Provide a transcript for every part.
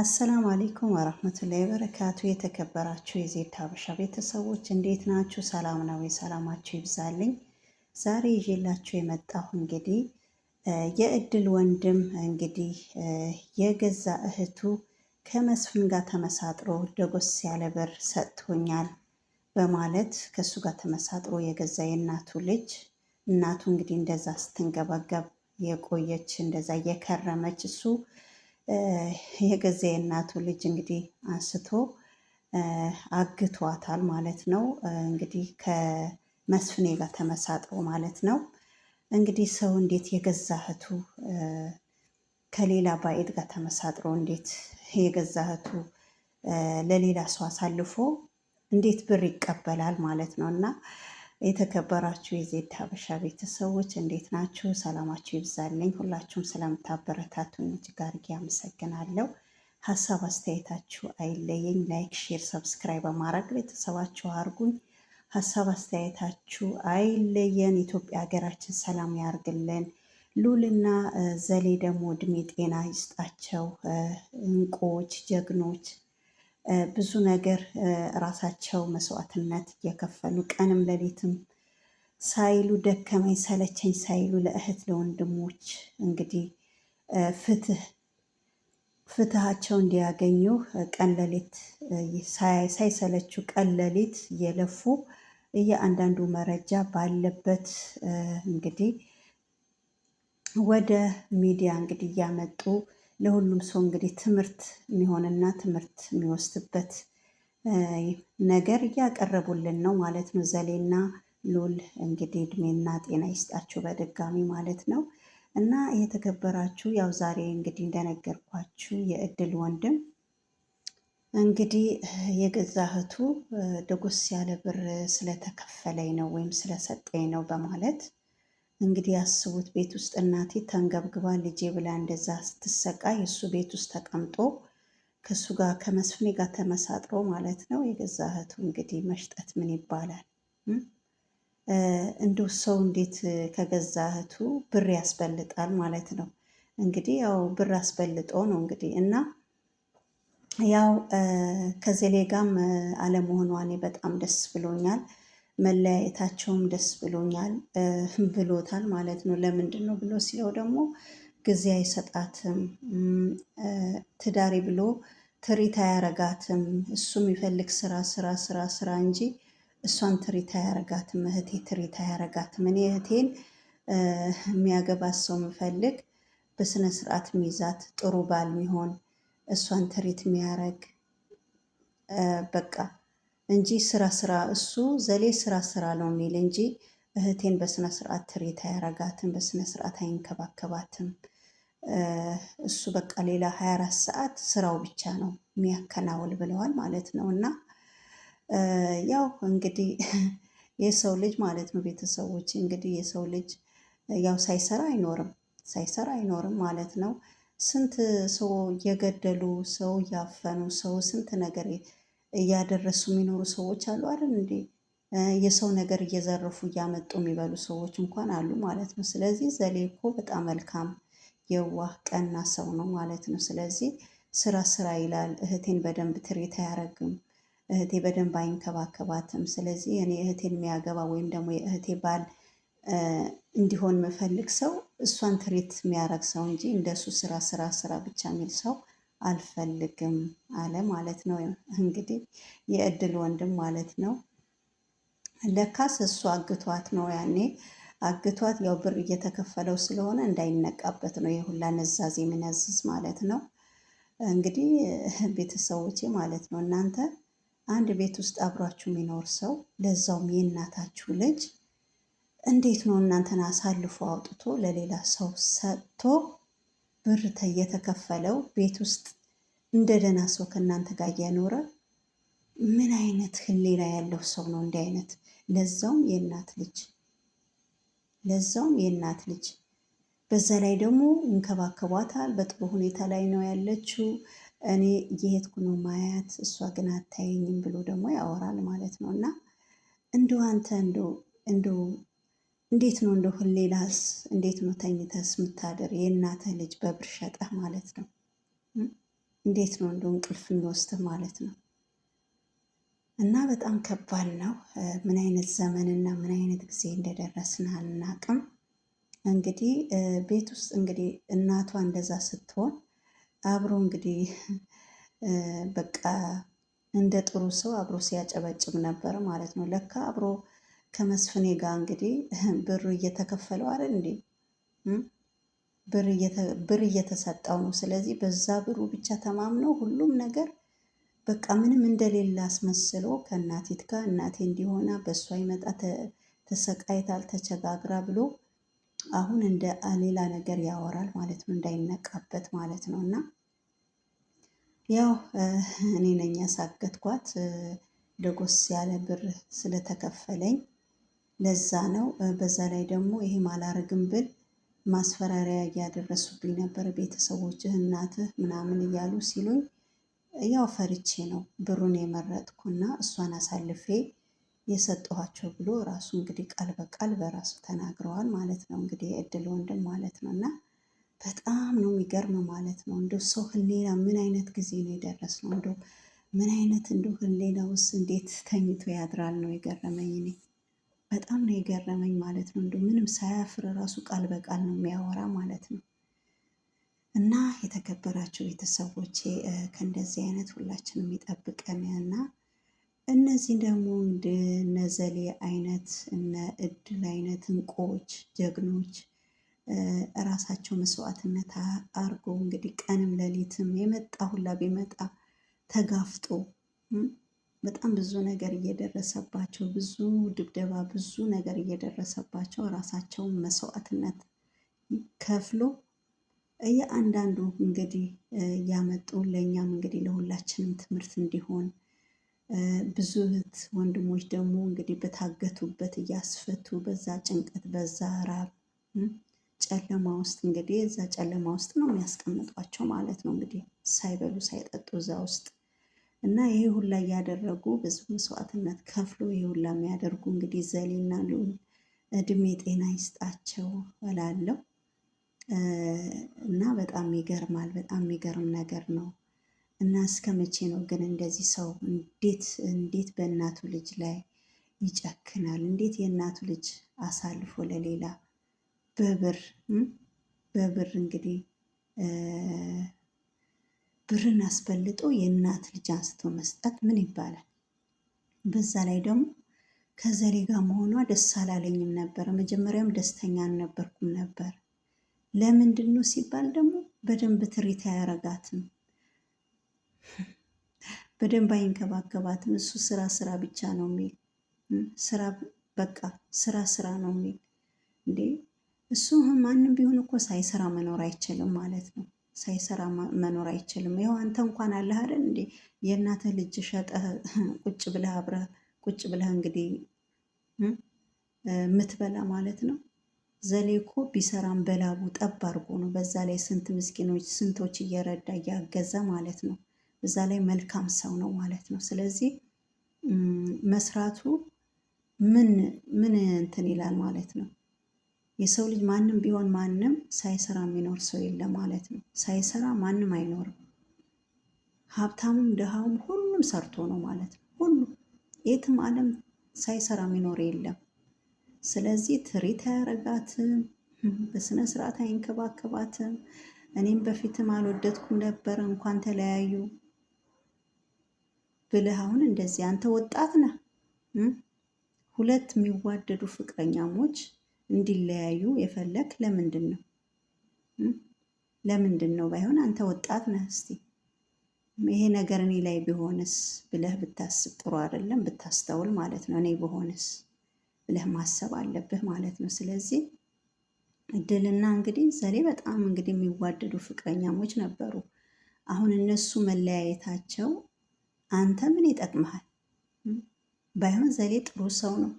አሰላሙ አሌይኩም ወረህመቱላሂ በረካቱ። የተከበራችሁ የዜድ ሀበሻ ቤተሰቦች እንዴት ናችሁ? ሰላም ነው? ሰላማችሁ ይብዛልኝ። ዛሬ ይዤላችሁ የመጣሁ እንግዲህ የእድል ወንድም እንግዲህ የገዛ እህቱ ከመስፍን ጋር ተመሳጥሮ ደጎስ ያለ ብር ሰጥቶኛል በማለት ከእሱ ጋር ተመሳጥሮ የገዛ የእናቱ ልጅ እናቱ እንግዲህ እንደዛ ስትንገበገብ የቆየች እንደዛ እየከረመች እሱ የገዛ እናቱ ልጅ እንግዲህ አንስቶ አግቷታል ማለት ነው። እንግዲህ ከመስፍኔ ጋር ተመሳጥሮ ማለት ነው። እንግዲህ ሰው እንዴት የገዛ እህቱ ከሌላ ባዕድ ጋር ተመሳጥሮ እንዴት የገዛ እህቱ ለሌላ ሰው አሳልፎ እንዴት ብር ይቀበላል ማለት ነው እና የተከበራችሁ የዜድ ሀበሻ ቤተሰቦች እንዴት ናችሁ? ሰላማችሁ ይብዛልኝ። ሁላችሁም ስለምታበረታቱን እጅግ አድርጌ አመሰግናለሁ። ሀሳብ አስተያየታችሁ አይለየኝ። ላይክ፣ ሼር፣ ሰብስክራይብ በማድረግ ቤተሰባችሁ አድርጉኝ። ሀሳብ አስተያየታችሁ አይለየን። ኢትዮጵያ ሀገራችን ሰላም ያርግልን። ሉልና ዘሌ ደግሞ እድሜ ጤና ይስጣቸው። እንቁዎች ጀግኖች ብዙ ነገር ራሳቸው መስዋዕትነት እየከፈሉ ቀንም ሌሊትም ሳይሉ ደከመኝ ሰለቸኝ ሳይሉ ለእህት ለወንድሞች እንግዲህ ፍትህ ፍትሃቸው እንዲያገኙ ቀን ለሌት ሳይሰለቹ ቀን ለሌት እየለፉ እያንዳንዱ መረጃ ባለበት እንግዲህ ወደ ሚዲያ እንግዲህ እያመጡ ለሁሉም ሰው እንግዲህ ትምህርት የሚሆንና ትምህርት የሚወስድበት ነገር እያቀረቡልን ነው ማለት ነው። ዘሌና ሉል እንግዲህ እድሜና ጤና ይስጣችሁ በድጋሚ ማለት ነው። እና የተከበራችሁ ያው ዛሬ እንግዲህ እንደነገርኳችሁ የእድል ወንድም እንግዲህ የገዛ እህቱ ደጎስ ያለ ብር ስለተከፈለኝ ነው ወይም ስለሰጠኝ ነው በማለት እንግዲህ አስቡት፣ ቤት ውስጥ እናቴ ተንገብግባ ልጄ ብላ እንደዛ ስትሰቃይ እሱ ቤት ውስጥ ተቀምጦ ከእሱ ጋር ከመስፍኔ ጋር ተመሳጥሮ ማለት ነው። የገዛ እህቱ እንግዲህ መሽጠት ምን ይባላል? እንዲሁ ሰው እንዴት ከገዛ እህቱ ብር ያስበልጣል ማለት ነው። እንግዲህ ያው ብር አስበልጦ ነው እንግዲህ እና ያው ከዘሌ ጋም አለመሆኗ እኔ በጣም ደስ ብሎኛል። መለያየታቸውም ደስ ብሎኛል ብሎታል ማለት ነው። ለምንድን ነው ብሎ ሲለው ደግሞ ጊዜ አይሰጣትም፣ ትዳሪ ብሎ ትሪት አያረጋትም። እሱ የሚፈልግ ስራ ስራ ስራ ስራ እንጂ እሷን ትሪት አያረጋትም። እህቴ ትሪት አያረጋትም። እኔ እህቴን የሚያገባት ሰው የምፈልግ በስነ ስርዓት ሚዛት ጥሩ ባል ሚሆን እሷን ትሪት የሚያረግ በቃ እንጂ ስራ ስራ እሱ ዘሌ ስራ ስራ ነው የሚል እንጂ እህቴን በስነ ስርዓት ትሬት አያረጋትም፣ በስነ ስርዓት አይንከባከባትም። እሱ በቃ ሌላ 24 ሰዓት ስራው ብቻ ነው የሚያከናውል ብለዋል ማለት ነው። እና ያው እንግዲህ የሰው ልጅ ማለት ነው ቤተሰቦች እንግዲህ የሰው ልጅ ያው ሳይሰራ አይኖርም፣ ሳይሰራ አይኖርም ማለት ነው። ስንት ሰው እየገደሉ ሰው እያፈኑ ሰው ስንት ነገር እያደረሱ የሚኖሩ ሰዎች አሉ አይደል እንዴ? የሰው ነገር እየዘረፉ እያመጡ የሚበሉ ሰዎች እንኳን አሉ ማለት ነው። ስለዚህ ዘሌ እኮ በጣም መልካም የዋህ ቀና ሰው ነው ማለት ነው። ስለዚህ ስራ ስራ ይላል። እህቴን በደንብ ትሬት አያረግም። እህቴ በደንብ አይንከባከባትም። ስለዚህ እኔ እህቴን የሚያገባ ወይም ደግሞ የእህቴ ባል እንዲሆን የምፈልግ ሰው እሷን ትሬት የሚያረግ ሰው እንጂ እንደሱ ስራ ስራ ስራ ብቻ የሚል ሰው አልፈልግም አለ ማለት ነው። እንግዲህ የእድል ወንድም ማለት ነው። ለካስ እሱ አግቷት ነው ያኔ አግቷት ያው ብር እየተከፈለው ስለሆነ እንዳይነቃበት ነው የሁላ ነዛዝ የሚነዝዝ ማለት ነው። እንግዲህ ቤተሰቦቼ ማለት ነው እናንተ አንድ ቤት ውስጥ አብሯችሁ የሚኖር ሰው ለዛውም የእናታችሁ ልጅ እንዴት ነው እናንተን አሳልፎ አውጥቶ ለሌላ ሰው ሰጥቶ ብር የተከፈለው ቤት ውስጥ እንደ ደህና ሰው ከእናንተ ጋር እያኖረ ምን አይነት ህሌላ ያለው ሰው ነው? እንዲህ አይነት ለዛውም የእናት ልጅ ለዛውም የእናት ልጅ በዛ ላይ ደግሞ እንከባከቧታል። በጥሩ ሁኔታ ላይ ነው ያለችው። እኔ የሄድኩ ነው ማያት፣ እሷ ግን አታየኝም ብሎ ደግሞ ያወራል ማለት ነው እና እንደው አንተ እንደው እንዴት ነው እንደሁን ሌላስ እንዴት ነው ተኝተስ ምታደር? የእናተ ልጅ በብር ሸጠህ ማለት ነው። እንዴት ነው እንደ እንቅልፍ የሚወስድህ ማለት ነው። እና በጣም ከባድ ነው። ምን አይነት ዘመንና ምን አይነት ጊዜ እንደደረስን አናቅም። እንግዲህ ቤት ውስጥ እንግዲህ እናቷ እንደዛ ስትሆን አብሮ እንግዲህ በቃ እንደ ጥሩ ሰው አብሮ ሲያጨበጭብ ነበር ማለት ነው። ለካ አብሮ ከመስፍኔ ጋር እንግዲህ ብር እየተከፈለው አለ እንዴ ብር እየተሰጠው ነው። ስለዚህ በዛ ብሩ ብቻ ተማምነው ሁሉም ነገር በቃ ምንም እንደሌለ አስመስሎ ከእናቲት ጋር እናቴ እንዲሆና በእሷ ይመጣ ተሰቃይታል ተቸጋግራ ብሎ አሁን እንደ ሌላ ነገር ያወራል ማለት ነው። እንዳይነቃበት ማለት ነው። እና ያው እኔ ነኝ ያሳገትኳት ደጎስ ያለ ብር ስለተከፈለኝ ለዛ ነው። በዛ ላይ ደግሞ ይሄ አላረግም ብል ማስፈራሪያ እያደረሱብኝ ነበር። ቤተሰቦችህ፣ እናትህ ምናምን እያሉ ሲሉኝ ያው ፈርቼ ነው ብሩን የመረጥኩና እሷን አሳልፌ የሰጠኋቸው ብሎ ራሱ እንግዲህ ቃል በቃል በራሱ ተናግረዋል ማለት ነው። እንግዲህ የእድል ወንድም ማለት ነው እና በጣም ነው የሚገርም ማለት ነው። እንደ ሰው ህሌና ምን አይነት ጊዜ ነው የደረስ ነው እንደ ምን አይነት እንደ ህሌና ውስጥ እንዴት ተኝቶ ያድራል ነው የገረመኝ እኔ። በጣም ነው የገረመኝ ማለት ነው። እንዲሁ ምንም ሳያፍር ራሱ ቃል በቃል ነው የሚያወራ ማለት ነው። እና የተከበራቸው ቤተሰቦች ከእንደዚህ አይነት ሁላችንም የሚጠብቀን እና እነዚህ ደግሞ እነ ዘሌ አይነት እነ እድል አይነት እንቁዎች ጀግኖች እራሳቸው መስዋዕትነት አርጎ እንግዲህ ቀንም ሌሊትም የመጣ ሁላ ቢመጣ ተጋፍጦ በጣም ብዙ ነገር እየደረሰባቸው ብዙ ድብደባ፣ ብዙ ነገር እየደረሰባቸው ራሳቸውን መስዋዕትነት ከፍሎ የአንዳንዱ እንግዲህ እያመጡ ለእኛም እንግዲህ ለሁላችንም ትምህርት እንዲሆን ብዙ እህት ወንድሞች ደግሞ እንግዲህ በታገቱበት እያስፈቱ በዛ ጭንቀት በዛ ራብ ጨለማ ውስጥ እንግዲህ እዛ ጨለማ ውስጥ ነው የሚያስቀምጧቸው ማለት ነው። እንግዲህ ሳይበሉ ሳይጠጡ እዛ ውስጥ እና ይህ ሁላ እያደረጉ ብዙ መስዋዕትነት ከፍሎ ይህ ሁላ የሚያደርጉ እንግዲህ ዘሊና ሉል እድሜ ጤና ይስጣቸው እላለሁ። እና በጣም ይገርማል። በጣም የሚገርም ነገር ነው። እና እስከ መቼ ነው ግን እንደዚህ ሰው እንዴት እንዴት በእናቱ ልጅ ላይ ይጨክናል? እንዴት የእናቱ ልጅ አሳልፎ ለሌላ በብር በብር እንግዲህ ብርን አስፈልጦ የእናት ልጅ አንስቶ መስጠት ምን ይባላል? በዛ ላይ ደግሞ ከዘሌ ጋር መሆኗ ደስ አላለኝም ነበር። መጀመሪያም ደስተኛ አልነበርኩም ነበር። ለምንድን ነው ሲባል ደግሞ በደንብ ትሪት አያረጋትም፣ በደንብ አይንከባከባትም። እሱ ስራ ስራ ብቻ ነው የሚል ስራ በቃ ስራ ስራ ነው የሚል እንዴ! እሱ ማንም ቢሆን እኮ ሳይሰራ መኖር አይችልም ማለት ነው። ሳይሰራ መኖር አይችልም። ይኸው አንተ እንኳን አለህ አይደል እንዴ የእናተ ልጅ ሸጠህ ቁጭ ብለህ አብረህ ቁጭ ብለህ እንግዲህ ምትበላ ማለት ነው። ዘሌ እኮ ቢሰራም በላቡ ጠብ አድርጎ ነው። በዛ ላይ ስንት ምስኪኖች ስንቶች እየረዳ እያገዘ ማለት ነው። በዛ ላይ መልካም ሰው ነው ማለት ነው። ስለዚህ መስራቱ ምን ምን እንትን ይላል ማለት ነው። የሰው ልጅ ማንም ቢሆን ማንም ሳይሰራ የሚኖር ሰው የለም ማለት ነው። ሳይሰራ ማንም አይኖርም። ሀብታሙም ድሃውም ሁሉም ሰርቶ ነው ማለት ነው። ሁሉም የትም ዓለም ሳይሰራ የሚኖር የለም። ስለዚህ ትሪት አያረጋትም፣ በስነ ስርዓት አይንከባከባትም። እኔም በፊትም አልወደድኩም ነበር እንኳን ተለያዩ ብልህ አሁን እንደዚህ አንተ ወጣት ነህ። ሁለት የሚዋደዱ ፍቅረኛሞች እንዲለያዩ የፈለክ ለምንድን ነው? ለምንድን ነው ባይሆን አንተ ወጣት ነህ። እስቲ ይሄ ነገር እኔ ላይ ቢሆንስ ብለህ ብታስብ ጥሩ አይደለም፣ ብታስተውል ማለት ነው። እኔ ብሆንስ ብለህ ማሰብ አለብህ ማለት ነው። ስለዚህ እድልና እንግዲህ ዘሌ በጣም እንግዲህ የሚዋደዱ ፍቅረኛሞች ነበሩ። አሁን እነሱ መለያየታቸው አንተ ምን ይጠቅመሃል? ባይሆን ዘሌ ጥሩ ሰው ነው፣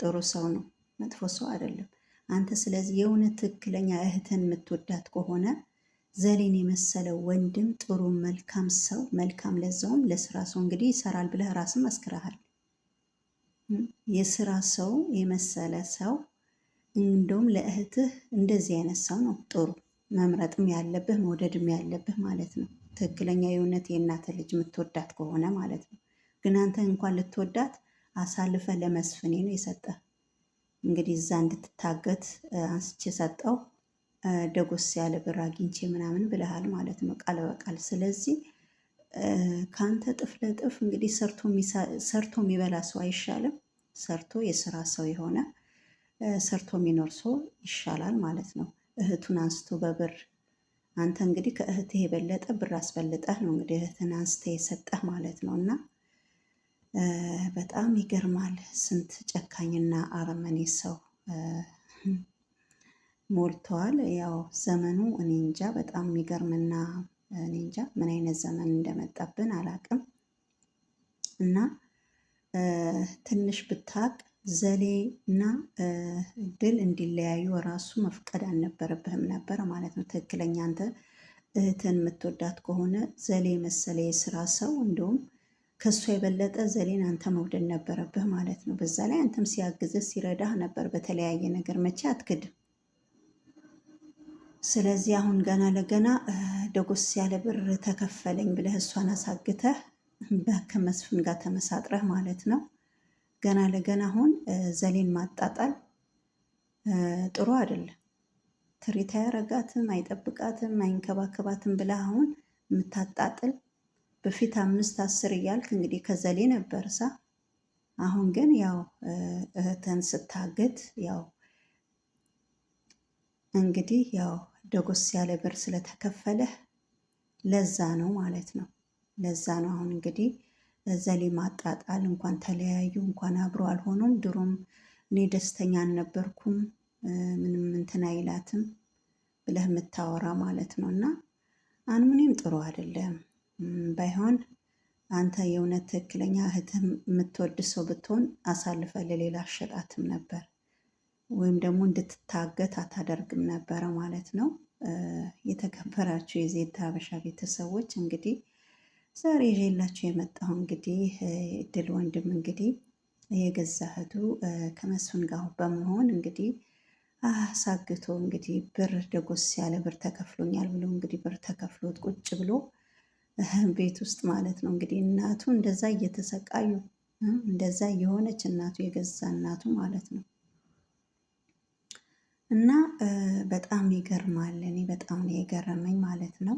ጥሩ ሰው ነው። መጥፎ ሰው አይደለም። አንተ ስለዚህ የእውነት ትክክለኛ እህትን የምትወዳት ከሆነ ዘሌን የመሰለ ወንድም ጥሩ መልካም ሰው መልካም ለዛውም ለስራ ሰው እንግዲህ ይሰራል ብለህ ራስም መስክረሃል። የስራ ሰው የመሰለ ሰው እንደውም ለእህትህ እንደዚህ አይነት ሰው ነው ጥሩ መምረጥም ያለብህ መውደድም ያለብህ ማለት ነው። ትክክለኛ የእውነት የእናተ ልጅ የምትወዳት ከሆነ ማለት ነው። ግን አንተ እንኳን ልትወዳት አሳልፈ ለመስፍኔ ነው የሰጠህ። እንግዲህ እዛ እንድትታገት አንስቼ ሰጠው። ደጎስ ያለ ብር አግኝቼ ምናምን ብለሃል ማለት ነው ቃል በቃል። ስለዚህ ከአንተ ጥፍ ለጥፍ እንግዲህ ሰርቶ የሚበላ ሰው አይሻልም? ሰርቶ የስራ ሰው የሆነ ሰርቶ የሚኖር ሰው ይሻላል ማለት ነው። እህቱን አንስቶ በብር አንተ እንግዲህ ከእህትህ የበለጠ ብር አስበልጠህ ነው እንግዲህ እህትን አንስተህ የሰጠህ ማለት ነው እና በጣም ይገርማል። ስንት ጨካኝና አረመኔ ሰው ሞልተዋል። ያው ዘመኑ እኔ እንጃ በጣም የሚገርምና እኔ እንጃ ምን አይነት ዘመን እንደመጣብን አላቅም። እና ትንሽ ብታቅ ዘሌ እና ድል እንዲለያዩ ራሱ መፍቀድ አልነበረብህም ነበር ማለት ነው። ትክክለኛ አንተ እህትን የምትወዳት ከሆነ ዘሌ መሰለ የስራ ሰው እንዲሁም ከእሷ የበለጠ ዘሌን አንተ መውደድ ነበረብህ ማለት ነው። በዛ ላይ አንተም ሲያግዝህ ሲረዳህ ነበር በተለያየ ነገር መቼ አትክድም። ስለዚህ አሁን ገና ለገና ደጎስ ያለ ብር ተከፈለኝ ብለህ እሷን አሳግተህ ከመስፍን ጋር ተመሳጥረህ ማለት ነው። ገና ለገና አሁን ዘሌን ማጣጣል ጥሩ አይደለም። ትሪት አያረጋትም፣ አይጠብቃትም፣ አይንከባከባትም ብለህ አሁን የምታጣጥል በፊት አምስት አስር እያልክ እንግዲህ ከዘሌ ነበር ሳ አሁን ግን ያው እህትን ስታግት ያው እንግዲህ ያው ደጎስ ያለ ብር ስለተከፈለህ ለዛ ነው ማለት ነው። ለዛ ነው አሁን እንግዲህ ዘሌ ማጣጣል እንኳን ተለያዩ እንኳን አብሮ አልሆኑም። ድሮም እኔ ደስተኛ አልነበርኩም ምንም እንትን አይላትም ብለህ የምታወራ ማለት ነው። እና አንምኔም ጥሩ አይደለም። ባይሆን አንተ የእውነት ትክክለኛ እህትህ የምትወድ ሰው ብትሆን አሳልፈ ለሌላ አሸጣትም ነበር፣ ወይም ደግሞ እንድትታገት አታደርግም ነበረ ማለት ነው። የተከበራችሁ የዜድ ሀበሻ ቤተሰቦች እንግዲህ ዛሬ ይዤላችሁ የመጣሁ እንግዲህ እድል ወንድም እንግዲህ የገዛ እህቱ ከመስፍን ጋር በመሆን እንግዲህ አሳግቶ እንግዲህ ብር ደጎስ ያለ ብር ተከፍሎኛል ብሎ እንግዲህ ብር ተከፍሎት ቁጭ ብሎ ቤት ውስጥ ማለት ነው እንግዲህ እናቱ እንደዛ እየተሰቃዩ እንደዛ የሆነች እናቱ የገዛ እናቱ ማለት ነው። እና በጣም ይገርማል። እኔ በጣም ነው የገረመኝ ማለት ነው።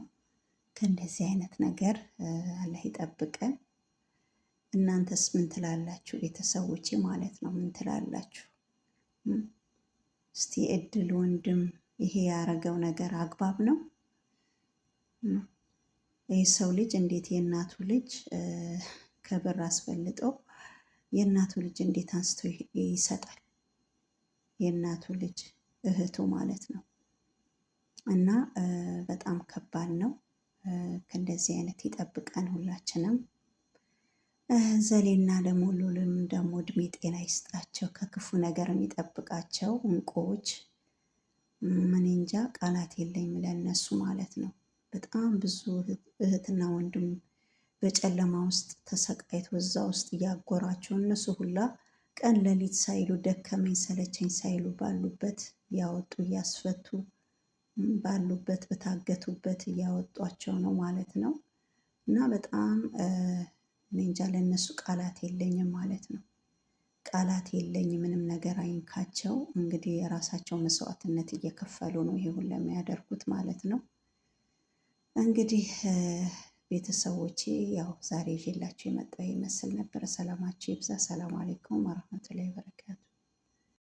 ከእንደዚህ አይነት ነገር አላህ ይጠብቀን። እናንተስ ምን ትላላችሁ? ቤተሰቦቼ ማለት ነው ምን ትላላችሁ? እስቲ እድል ወንድም ይሄ ያረገው ነገር አግባብ ነው? የሰው ልጅ እንዴት የእናቱ ልጅ ከብር አስፈልጠው የእናቱ ልጅ እንዴት አንስቶ ይሰጣል? የእናቱ ልጅ እህቱ ማለት ነው። እና በጣም ከባድ ነው። ከእንደዚህ አይነት ይጠብቀን ሁላችንም። ዘሌና ደግሞ ሉልም ደግሞ እድሜ ጤና ይስጣቸው፣ ከክፉ ነገርም ይጠብቃቸው። እንቁዎች። ምን እንጃ ቃላት የለኝም ለእነሱ ማለት ነው። በጣም ብዙ እህትና ወንድም በጨለማ ውስጥ ተሰቃይቶ እዛ ውስጥ እያጎራቸው እነሱ ሁላ ቀን ለሊት ሳይሉ ደከመኝ ሰለቸኝ ሳይሉ ባሉበት እያወጡ እያስፈቱ ባሉበት በታገቱበት እያወጧቸው ነው ማለት ነው። እና በጣም እንጃ ለእነሱ ቃላት የለኝም ማለት ነው። ቃላት የለኝ ምንም ነገር አይንካቸው። እንግዲህ የራሳቸው መስዋዕትነት እየከፈሉ ነው ይሄ ሁሉ የሚያደርጉት ማለት ነው። እንግዲህ ቤተሰቦቼ ያው ዛሬ ይዤላችሁ የመጣው ይመስል ነበር። ሰላማችሁ ይብዛ። ሰላም አለይኩም ወረህመቱላሂ ወበረካቱ።